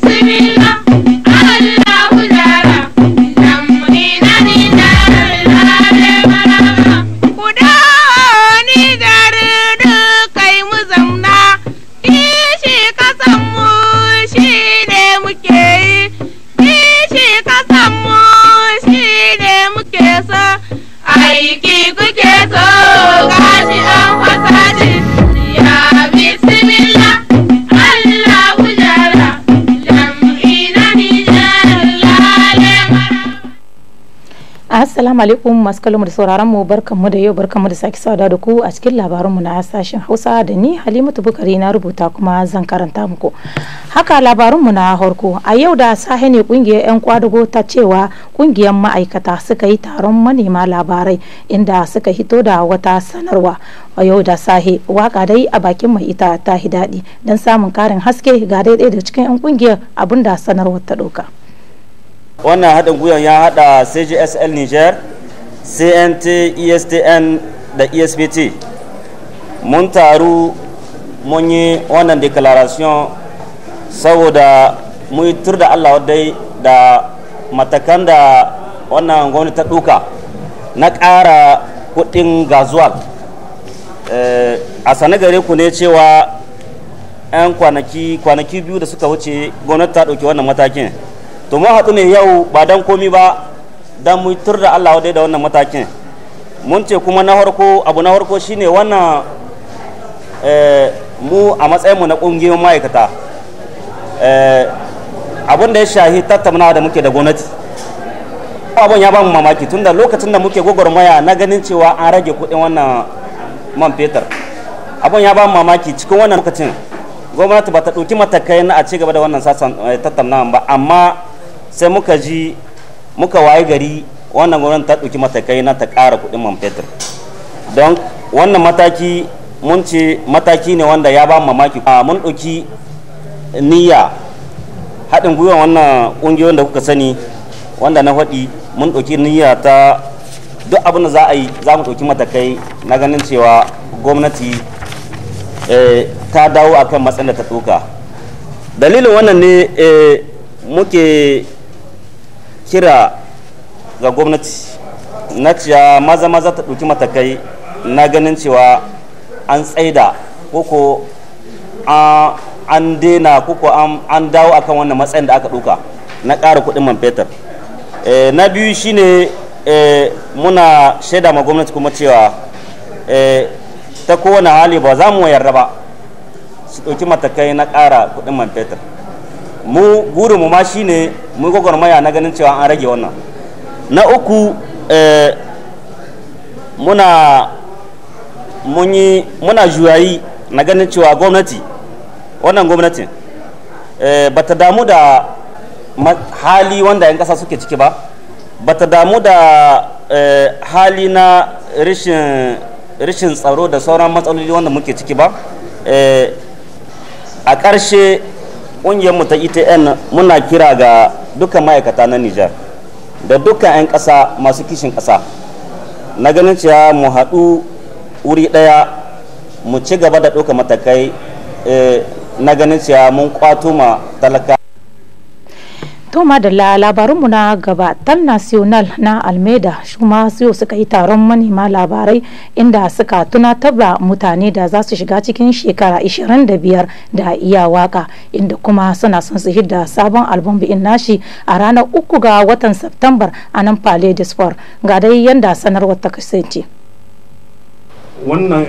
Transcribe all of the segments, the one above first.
Bismillah. Assalamu alaikum masu kalmar sauraron mu barkanmu da yau mu da sake sada da ku a cikin labarinmu na sashen Hausa da ni Halimatu Bukari na rubuta kuma zan karanta muku. Haka labarinmu na harko a yau da sahe ne kungiyar 'yan kwadugo ta cewa kungiyar ma'aikata suka yi taron manema labarai inda suka hito da wata sanarwa. A yau da sahe waka dai a bakin mai ita ta yi daɗi don samun karin haske ga daidai da cikin 'yan kungiyar abinda sanarwar ta ɗauka. wannan haɗin gwiwan ya haɗa cgsl niger cnt estn da espt mun taru mun yi wannan declaration saboda mun yi tur da allah dai da matakan da wannan gwamnati ta ɗuka na ƙara kuɗin gazuwal eh, a sanagare ku ne cewa 'yan kwanaki biyu da suka wuce gwamnati ta ɗauki wannan matakin to mu haɗu ne yau ba dan komi ba dan mu tur da Allah wadai da wannan matakin mun ce kuma na farko abu na farko shine wannan eh, mu a matsayin mu na ƙungiyoyin ma'aikata eh, abin da ya shahi tattauna da muke da gwamnati abin ya ba mu mamaki tunda lokacin da muke gwagwarmaya na ganin cewa an rage kuɗin wannan man fetur abin ya ba mu mamaki cikin wannan lokacin gwamnati ba ta ɗauki matakai na a ci gaba da wannan sassan eh, tattaunawa ba amma sai muka ji muka waye gari wannan gwamnati ta ɗauki matakai na ta ƙara kuɗin man fetur don wannan mataki mun ce mataki ne wanda ya ba mamaki mun ɗauki niyya haɗin gwiwa wannan ƙungiyoyin da kuka sani wanda na faɗi mun ɗauki niyya ta duk abin da za a yi za mu ɗauki matakai na ganin cewa gwamnati eh, ta dawo akan matsayin da ta ɗauka dalilin wannan ne eh, muke kira ga gwamnati na cewa maza maza ta ɗauki matakai na ganin cewa an tsaida koko an dena koko an dawo akan wannan matsayin da aka ɗauka na ƙara kuɗin man fetur eh, na biyu shine eh, muna shaida ma gwamnati kuma cewa eh, ta kowane hali ba za mu yarda ba su ɗauki matakai na ƙara kuɗin man fetur mu guri mu ma shine mu maya na ganin cewa an rage wannan na uku eh, muna munyi muna juyayi na ganin cewa gwamnati wannan gwamnatin eh, ba ta damu da hali wanda 'yan kasa suke ciki ba ba ta damu da eh, hali na rishin tsaro da sauran matsaloli wanda muke ciki ba a ƙarshe ƙungiyar mu ta etn muna kira ga duka ma'aikata na nijar da duka 'yan ƙasa masu kishin ƙasa na ganin cewa mu haɗu wuri ɗaya mu ci gaba da ɗaukar matakai eh, na ganin cewa mun kwato ma talaka to madalla labarinmu na gaba tan national na almeda shuma siyo suka yi taron manema labarai inda suka tunatar da mutane da za su shiga cikin shekara 25 da iya waka inda kuma suna son su hidda sabon album bi'in nashi a ranar uku ga watan september a nan pale de sport ga dai yanda sanarwar ta kasance wannan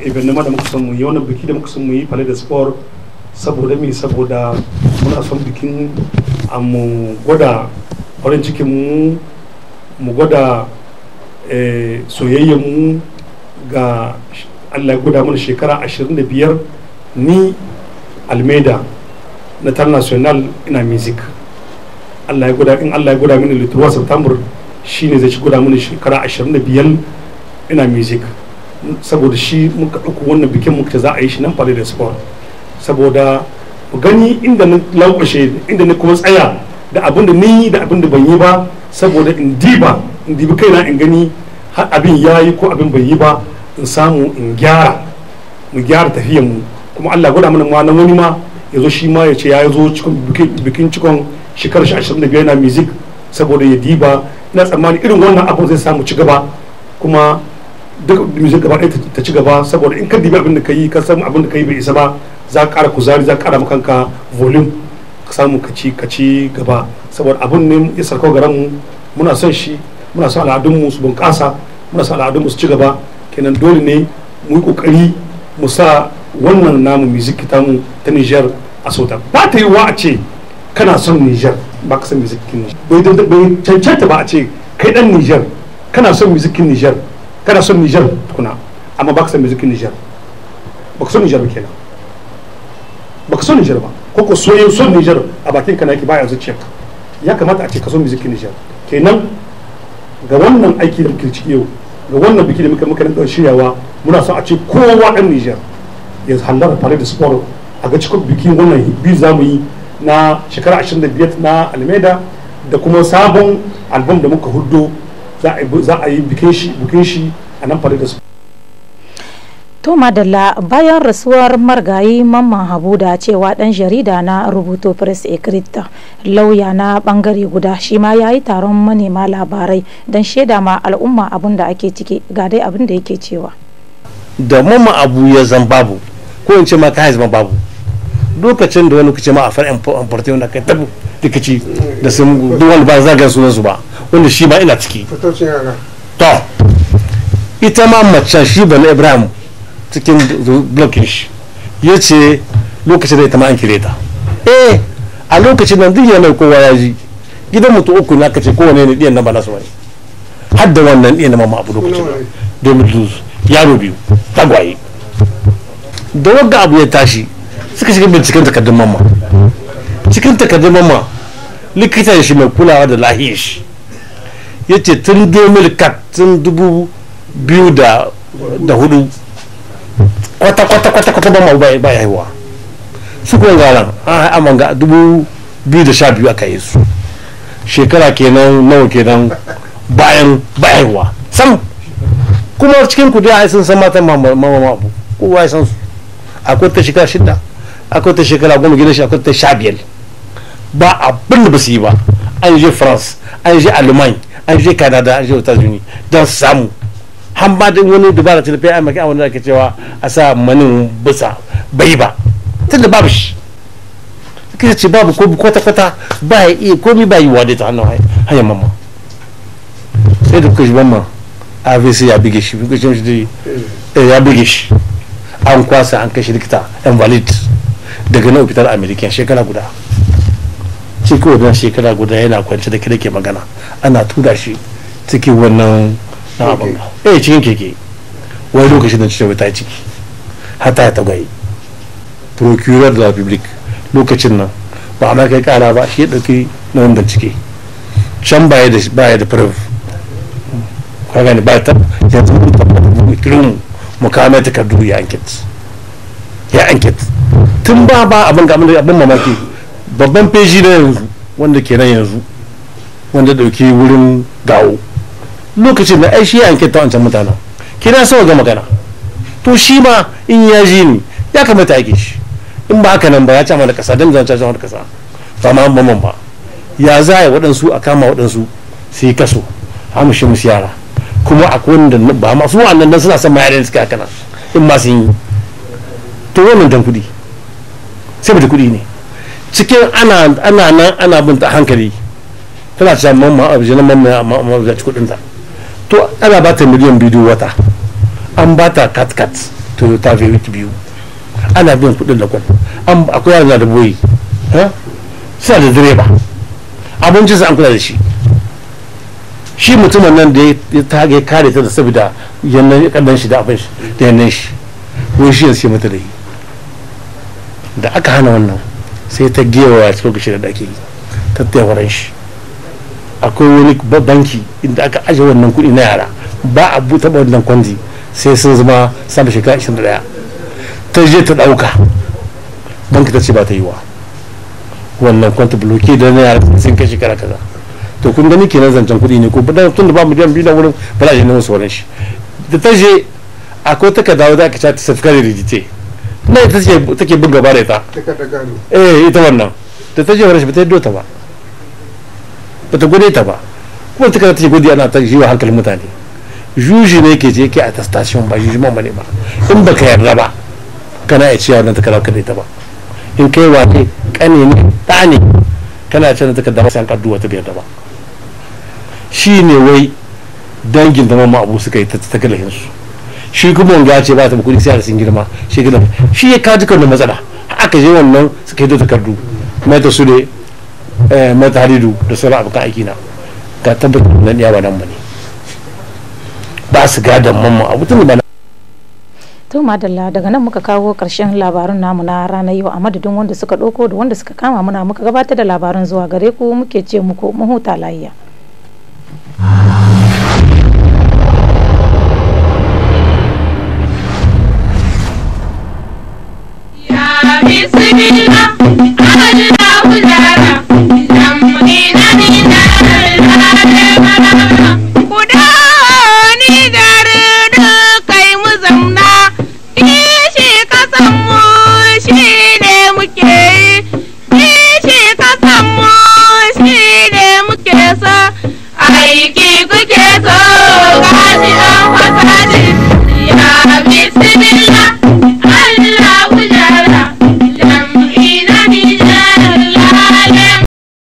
ibinima da muka san mu yi wannan biki da muka san mu yi pale de sport saboda me saboda muna son bikin a mu gwada farin cikin mu mu gwada eh, soyayyen mu ga allah ya guda mana shekara 25 ni almeida na tar national ina music allah ya guda in allah ya guda mini litruwa september shine zai ci guda mini shekara 25 ina music saboda shi muka ɗauko wannan bikin muka za a yi shi nan fare da sport saboda ku gani inda na lankwashe inda na kuma tsaya da abin da ni da abin da ban yi ba saboda in diba in dibi kaina in gani har abin ya yi ko abin ban yi ba in samu in gyara mu gyara tafiyar mu kuma Allah gwada mana ma na wani ma ya zo shi ma ya ce ya zo cikin bikin cikon shekarar shi 25 na music saboda ya diba ina tsammani irin wannan abin zai samu ci gaba kuma duk division gaba ɗaya ta ci gaba saboda in ka dibi abin da ka yi ka san abin da ka yi bai isa ba za ka ƙara kuzari za ka ƙara maka kanka volume ka samu ka ci gaba saboda abin ne ya sarkau garan mu muna son shi muna son al'adunmu su bunƙasa muna son al'adunmu su ci gaba kenan dole ne mu yi ƙoƙari mu sa wannan namu music ta mu ta Niger a sota ba ta yi wa a ce kana son Niger ba ka san music kin Niger bai cancanta ba a ce kai dan Niger kana son music kin Niger kana son Niger tukuna amma baka son musikin Niger baka son Niger kenan baka son Niger ba ko ko so soyayyen son Niger a bakin kana yake baya zuciyar ya kamata a ce ka son musikin Niger kenan ga wannan aiki da muke ciki yau ga wannan biki da muka muka dan shiryawa muna son a ce kowa dan Niger ya halarta fare da sport a ga cikin bikin wannan bi za mu yi na shekara 25 na Almeda da kuma sabon album da muka huddo za a yi bikin shi a nan fari da su to madalla bayan rasuwar margayi mamman habu da cewa dan jarida na rubuto press ecrita lauya na bangare guda shi ma ya yi taron manema labarai don shaida ma al'umma abin da ake ciki ga dai abin da yake cewa da mamman abu ya zan babu ko in ce ma ka zama babu lokacin da wani kuce ma a fara importation da kai tabu rikici da sun duwal ba za ga sunan su ba wanda shi ma ina ciki to ita ma macen shi bala ibrahim cikin blokin shi ya ce lokacin da ita ma an kire ta eh a lokacin nan duk yanar kowa ya ji gidan mutu uku na kace kowane ne ɗiyan na ba nasu wani har da wannan ɗiyan na mamma abu lokacin domin yaro biyu tagwaye da wagga abu ya tashi suka shiga binciken takardun mamma cikin takardun mamma likita shi mai kulawa da lahiyar shi ya ce tun 2004 tun 2004 kwata kwata kwata kwata ba mawa ba ya haihuwa su kuma gara an aman ga 2012 aka yi su shekara kenan nawa kenan bayan bayarwa sam kuma cikin kudi a sun san matan mamama abu kowa ya san su akwai ta shekara shida akwai ta shekara goma gina shi akwai ta sha biyar ba abin da ba su yi ba an je france an je alman an je canada an je wata unis don samu han ba da wani dubara ta lafiya amurka a wani da ke cewa a sa manin busa bai ba tun da babu shi kai ce babu ko kwata kwata ba ya iya komi ba yi wadata ta hannun hanyar mamma sai da kuka shi mamma avc ya bige shi kuka shi eh, ya bige shi an kwasa an kashe likita invalid daga na ofitar american shekara guda shi kawai da shekara guda yana kwance da kira ke magana ana tura shi cikin wannan abin eh cikin keke wani lokacin da cikin ta ciki hata ya tagwaye Procurer de la publique lokacin nan ba ma kai kara ba shi ya dauki na wanda ciki can baya da baya da proof ka gani ba ta yanzu mu tabbata mu kirin mukamai takardu ya ankit ya ankit tun ba ba abin ga abin mamaki babban feji na yanzu wanda ke nan yanzu wanda dauki wurin gawo lokacin da aishi ya anke wancan mutane kina sawa ga magana to shi ma in ya ji ni ya kamata ake shi in ba haka nan ba ya ci mana kasa don zan ci mana kasa ba ma ba ba ya za ya waɗansu a kama waɗansu su yi kaso hamushe musu yara kuma a wanda ba masu wa'annan nan suna son da suka kana in ma sun yi to wannan dan kuɗi sai da kuɗi ne cikin ana ana nan ana bin ta hankali tana cewa mamma a abu mamma mamma ya ci kudin ta to ana ba ta miliyan biyu wata an ba ta kat kat to ta fi biyu ana bin kudin da kudin an akwai yana da boye suna da direba abinci an kula da shi shi mutumin nan da ya tage kare ta da saboda yannan kallon shi da abin shi da yannan shi wani shi ya sai mata da yi da aka hana wannan sai ta gewa a cikin kashi da ake yi ta taifaran shi akwai wani banki inda aka aje wannan kuɗi na yara ba a taɓa wannan kwandi sai sun zama sama shekara 21 ta je ta ɗauka banki ta ce ba ta yi wa wannan kwanta bloke da na yara sun kai shekara kaza to kun gani kenan zancen kuɗi ne ko ba tun da ba mu miliyan biyu na wurin ba za a yi je neman wurin shi da ta je akwai takardawa za ka ci ta safkar da rigite na ita ce take bin gaba da ita eh ita wannan da ta jewar shi ba ta yi dota ba ba ta gode ta ba kuma ta ta gode ana ta jiwa hankalin mutane juji ne ke je ke a tastashin ba juji ma ne ba in ba ka yarda ba kana iya ciyawa nan ta kada kada ita ba in kai wace kane ne ta ne kana cewa ta kada sai an kadduwa ta da ba shi ne wai dangin da mamma abu suka yi ta kalahin su shi kuma wanda ya ce ba ta kuɗi sai sun girma shi gidan shi ya kaji kan da matsala aka je wannan suka yi da takardu mai ta su ne eh, mai ta haridu da sauran abokan aiki na ga tabbatar nan ya ba nan ne ba su gadon mamma abu tun ba to madalla daga nan muka kawo karshen labarin namu na ranar yau a madadin wanda suka ɗauko da wanda suka kama muna muka gabatar da labarin zuwa gare ku muke ce muku mahuta layya I Isirina, Ajina Huzara, Namudina Nina.